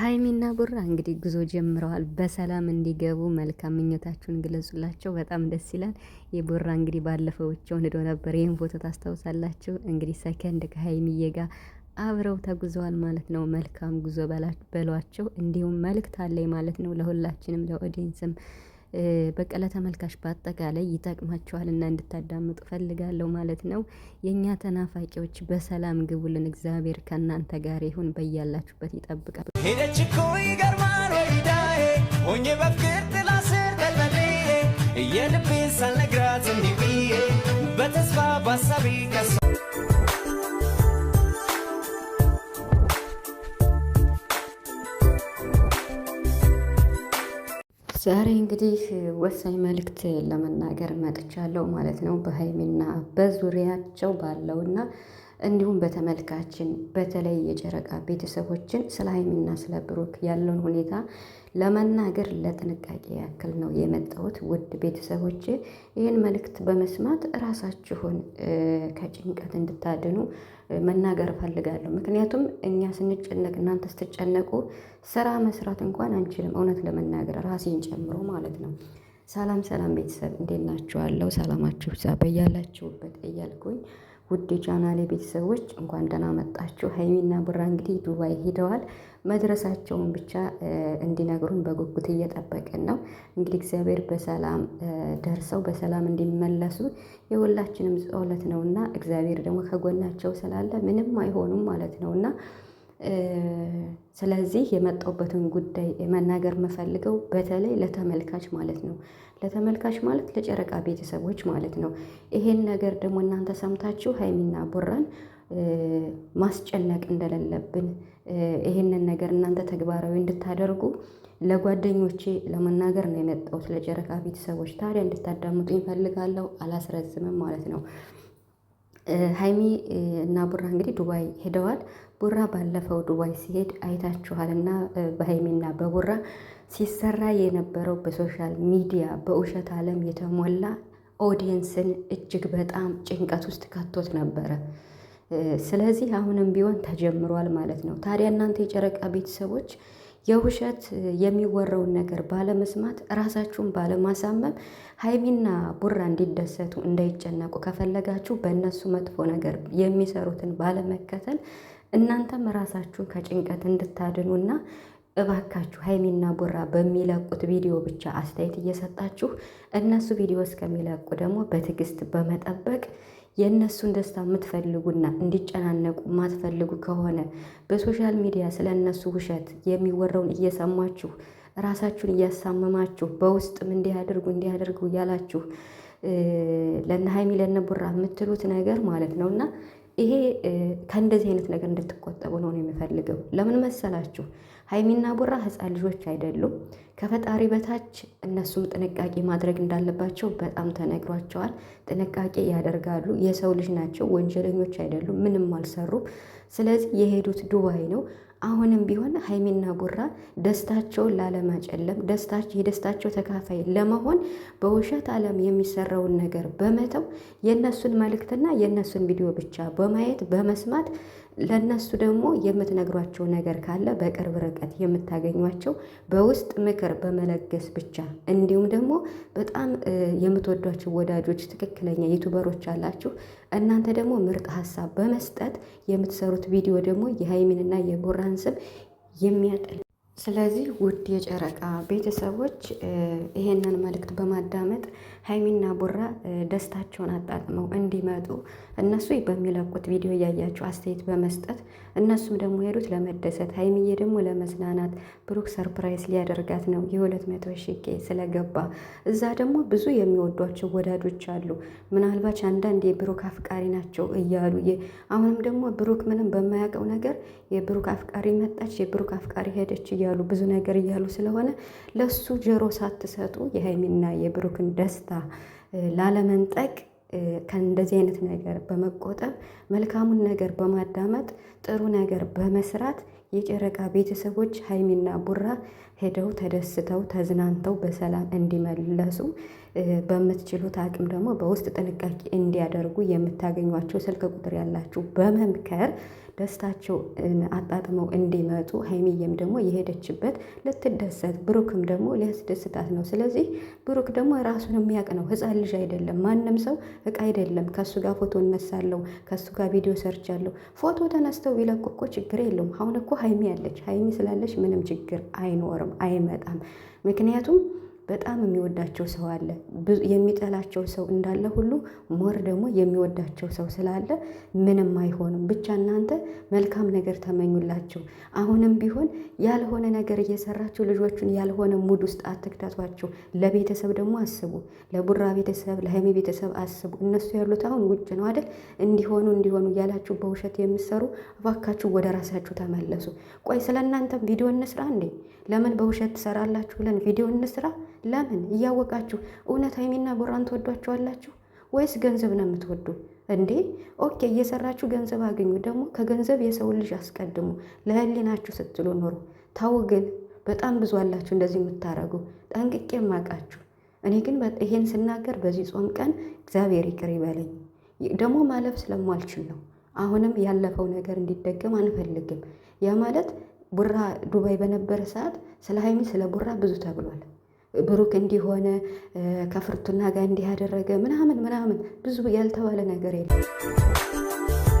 ሀይሚና ቡራ እንግዲህ ጉዞ ጀምረዋል። በሰላም እንዲገቡ መልካም ምኞታችሁን ግለጹላቸው። በጣም ደስ ይላል። የቡራ እንግዲህ ባለፈው ብቻውን ሄዶ ነበር። ይህን ፎቶ ታስታውሳላችሁ። እንግዲህ ሰከንድ ከሀይሚዬ ጋር አብረው ተጉዘዋል ማለት ነው። መልካም ጉዞ በሏቸው። እንዲሁም መልእክት አለኝ ማለት ነው ለሁላችንም ለኦዲንስም በቀለ ተመልካች በአጠቃላይ ይጠቅማችኋልና እንድታዳምጡ ፈልጋለሁ ማለት ነው። የእኛ ተናፋቂዎች በሰላም ግቡልን። እግዚአብሔር ከእናንተ ጋር ይሁን፣ በያላችሁበት ይጠብቃል። ሄደች እኮ ይገርማል ወይዳዬ ሆኜ በፍቅር ጥላ ስር ተልበሌ የልቤ ሳልነግራት እንዲህ ብዬ በተስፋ ባሳቢ ዛሬ እንግዲህ ወሳኝ መልእክት ለመናገር መጥቻለሁ ማለት ነው። በሀይሚና በዙሪያቸው ባለውና እንዲሁም በተመልካችን በተለይ የጨረቃ ቤተሰቦችን ስለ ሀይሚና ስለ ብሩክ ያለውን ሁኔታ ለመናገር ለጥንቃቄ ያክል ነው የመጣሁት። ውድ ቤተሰቦች ይህን መልእክት በመስማት ራሳችሁን ከጭንቀት እንድታድኑ መናገር እፈልጋለሁ። ምክንያቱም እኛ ስንጨነቅ እናንተ ስትጨነቁ ስራ መስራት እንኳን አንችልም፣ እውነት ለመናገር ራሴን ጨምሮ ማለት ነው። ሰላም ሰላም ቤተሰብ እንዴት ናችኋለሁ? ሰላማችሁ ዛ በያላችሁበት እያልኩኝ ውድ የቻናሌ ቤተሰቦች እንኳን ደህና መጣችሁ። ሀይሚና ቡራ እንግዲህ ዱባይ ሄደዋል። መድረሳቸውን ብቻ እንዲነግሩን በጉጉት እየጠበቅን ነው። እንግዲህ እግዚአብሔር በሰላም ደርሰው በሰላም እንዲመለሱ የሁላችንም ጸሎት ነውና እግዚአብሔር ደግሞ ከጎናቸው ስላለ ምንም አይሆኑም ማለት እና ስለዚህ የመጣሁበትን ጉዳይ መናገር የምፈልገው በተለይ ለተመልካች ማለት ነው። ለተመልካች ማለት ለጨረቃ ቤተሰቦች ማለት ነው። ይሄን ነገር ደግሞ እናንተ ሰምታችሁ ሀይሚና ቡራን ማስጨነቅ እንደሌለብን ይሄንን ነገር እናንተ ተግባራዊ እንድታደርጉ ለጓደኞቼ ለመናገር ነው የመጣሁት። ለጨረቃ ቤተሰቦች ታዲያ እንድታዳምጡኝ እፈልጋለሁ። አላስረዝምም ማለት ነው። ሀይሚ እና ቡራ እንግዲህ ዱባይ ሄደዋል። ቡራ ባለፈው ዱባይ ሲሄድ አይታችኋልና በሀይሚና በቡራ ሲሰራ የነበረው በሶሻል ሚዲያ በውሸት ዓለም የተሞላ ኦዲየንስን እጅግ በጣም ጭንቀት ውስጥ ከቶት ነበረ። ስለዚህ አሁንም ቢሆን ተጀምሯል ማለት ነው። ታዲያ እናንተ የጨረቃ ቤተሰቦች የውሸት የሚወራውን ነገር ባለመስማት ራሳችሁን ባለማሳመም ሀይሚና ቡራ እንዲደሰቱ እንዳይጨነቁ ከፈለጋችሁ በእነሱ መጥፎ ነገር የሚሰሩትን ባለመከተል እናንተም ራሳችሁን ከጭንቀት እንድታድኑና እባካችሁ ሀይሚና ቡራ በሚለቁት ቪዲዮ ብቻ አስተያየት እየሰጣችሁ እነሱ ቪዲዮ እስከሚለቁ ደግሞ በትዕግስት በመጠበቅ የእነሱን ደስታ የምትፈልጉና እንዲጨናነቁ ማትፈልጉ ከሆነ በሶሻል ሚዲያ ስለ እነሱ ውሸት የሚወራውን እየሰማችሁ ራሳችሁን እያሳመማችሁ በውስጥም እንዲያደርጉ እንዲያደርጉ እያላችሁ ለነ ሀይሚ ለነ ቡራ የምትሉት ነገር ማለት ነውና ይሄ ከእንደዚህ አይነት ነገር እንድትቆጠቡ ነው የሚፈልገው። ለምን መሰላችሁ? ሀይሚና ቡራ ህፃን ልጆች አይደሉም። ከፈጣሪ በታች እነሱም ጥንቃቄ ማድረግ እንዳለባቸው በጣም ተነግሯቸዋል። ጥንቃቄ ያደርጋሉ። የሰው ልጅ ናቸው። ወንጀለኞች አይደሉም። ምንም አልሰሩም። ስለዚህ የሄዱት ዱባይ ነው። አሁንም ቢሆን ሀይሚና ቡራ ደስታቸውን ላለማጨለም ደስታቸው የደስታቸው ተካፋይ ለመሆን በውሸት ዓለም የሚሰራውን ነገር በመተው የእነሱን መልእክትና የእነሱን ቪዲዮ ብቻ በማየት በመስማት ለእነሱ ደግሞ የምትነግሯቸው ነገር ካለ በቅርብ ርቀት የምታገኟቸው በውስጥ ምክር በመለገስ ብቻ እንዲሁም ደግሞ በጣም የምትወዷቸው ወዳጆች፣ ትክክለኛ ዩቱበሮች አላችሁ። እናንተ ደግሞ ምርጥ ሀሳብ በመስጠት የምትሰሩት የሰራሁት ቪዲዮ ደግሞ የሀይሚንና የቡራን ስም የሚያጠል ስለዚህ ውድ የጨረቃ ቤተሰቦች ይሄንን መልእክት በማዳመጥ ሀይሚና ቡራ ደስታቸውን አጣጥመው እንዲመጡ እነሱ በሚለቁት ቪዲዮ እያያቸው አስተያየት በመስጠት እነሱም ደግሞ ሄዱት ለመደሰት፣ ሀይሚዬ ደግሞ ለመዝናናት ብሩክ ሰርፕራይዝ ሊያደርጋት ነው የሁለት መቶ ሺህ ስለገባ እዛ ደግሞ ብዙ የሚወዷቸው ወዳጆች አሉ። ምናልባች አንዳንድ የብሩክ አፍቃሪ ናቸው እያሉ አሁንም ደግሞ ብሩክ ምንም በማያውቀው ነገር የብሩክ አፍቃሪ መጣች፣ የብሩክ አፍቃሪ ሄደች እያሉ ብዙ ነገር እያሉ ስለሆነ ለሱ ጆሮ ሳትሰጡ የሀይሚና የብሩክን ደስታ በቀጥታ ላለመንጠቅ ከእንደዚህ አይነት ነገር በመቆጠብ መልካሙን ነገር በማዳመጥ ጥሩ ነገር በመስራት የጨረቃ ቤተሰቦች ሀይሚና ቡራ ሄደው ተደስተው ተዝናንተው በሰላም እንዲመለሱ በምትችሉት አቅም ደግሞ በውስጥ ጥንቃቄ እንዲያደርጉ የምታገኟቸው ስልክ ቁጥር ያላችሁ በመምከር ደስታቸው አጣጥመው እንዲመጡ ሀይሚዬም ደግሞ የሄደችበት ልትደሰት፣ ብሩክም ደግሞ ሊያስደስታት ነው። ስለዚህ ብሩክ ደግሞ ራሱን የሚያውቅ ነው። ሕፃን ልጅ አይደለም። ማንም ሰው እቃ አይደለም። ከሱ ጋር ፎቶ እነሳለሁ፣ ከሱ ጋር ቪዲዮ ሰርቻለሁ። ፎቶ ተነስተው ቢለቁ እኮ ችግር የለውም። አሁን እኮ ሀይሚ ያለች ሀይሚ ስላለች ምንም ችግር አይኖርም፣ አይመጣም። ምክንያቱም በጣም የሚወዳቸው ሰው አለ። የሚጠላቸው ሰው እንዳለ ሁሉ ሞር ደግሞ የሚወዳቸው ሰው ስላለ ምንም አይሆንም። ብቻ እናንተ መልካም ነገር ተመኙላቸው። አሁንም ቢሆን ያልሆነ ነገር እየሰራችሁ ልጆቹን ያልሆነ ሙድ ውስጥ አትክተቷቸው። ለቤተሰብ ደግሞ አስቡ። ለቡራ ቤተሰብ፣ ለሀይሜ ቤተሰብ አስቡ። እነሱ ያሉት አሁን ውጭ ነው አይደል? እንዲሆኑ እንዲሆኑ እያላችሁ በውሸት የምሰሩ እባካችሁ ወደ ራሳችሁ ተመለሱ። ቆይ ስለ እናንተም ቪዲዮ እንስራ እንዴ? ለምን በውሸት ትሰራላችሁ ብለን ቪዲዮ እንስራ? ለምን እያወቃችሁ እውነት ሀይሚና ቡራን ትወዷቸዋላችሁ ወይስ ገንዘብ ነው የምትወዱ እንዴ? ኦኬ እየሰራችሁ ገንዘብ አገኙ። ደግሞ ከገንዘብ የሰውን ልጅ አስቀድሙ። ለህሊናችሁ ስትሉ ኖሩ። ታው ግን በጣም ብዙ አላችሁ እንደዚህ የምታረጉ ጠንቅቄ ማቃችሁ። እኔ ግን ይሄን ስናገር በዚህ ጾም ቀን እግዚአብሔር ይቅር ይበለኝ። ደግሞ ማለፍ ስለማልችል ነው። አሁንም ያለፈው ነገር እንዲደገም አንፈልግም። ያ ማለት ቡራ ዱባይ በነበረ ሰዓት ስለ ሀይሚ ስለ ቡራ ብዙ ተብሏል። ብሩክ እንዲሆነ ከፍርቱና ጋር እንዲያደረገ ምናምን ምናምን ብዙ ያልተባለ ነገር የለም።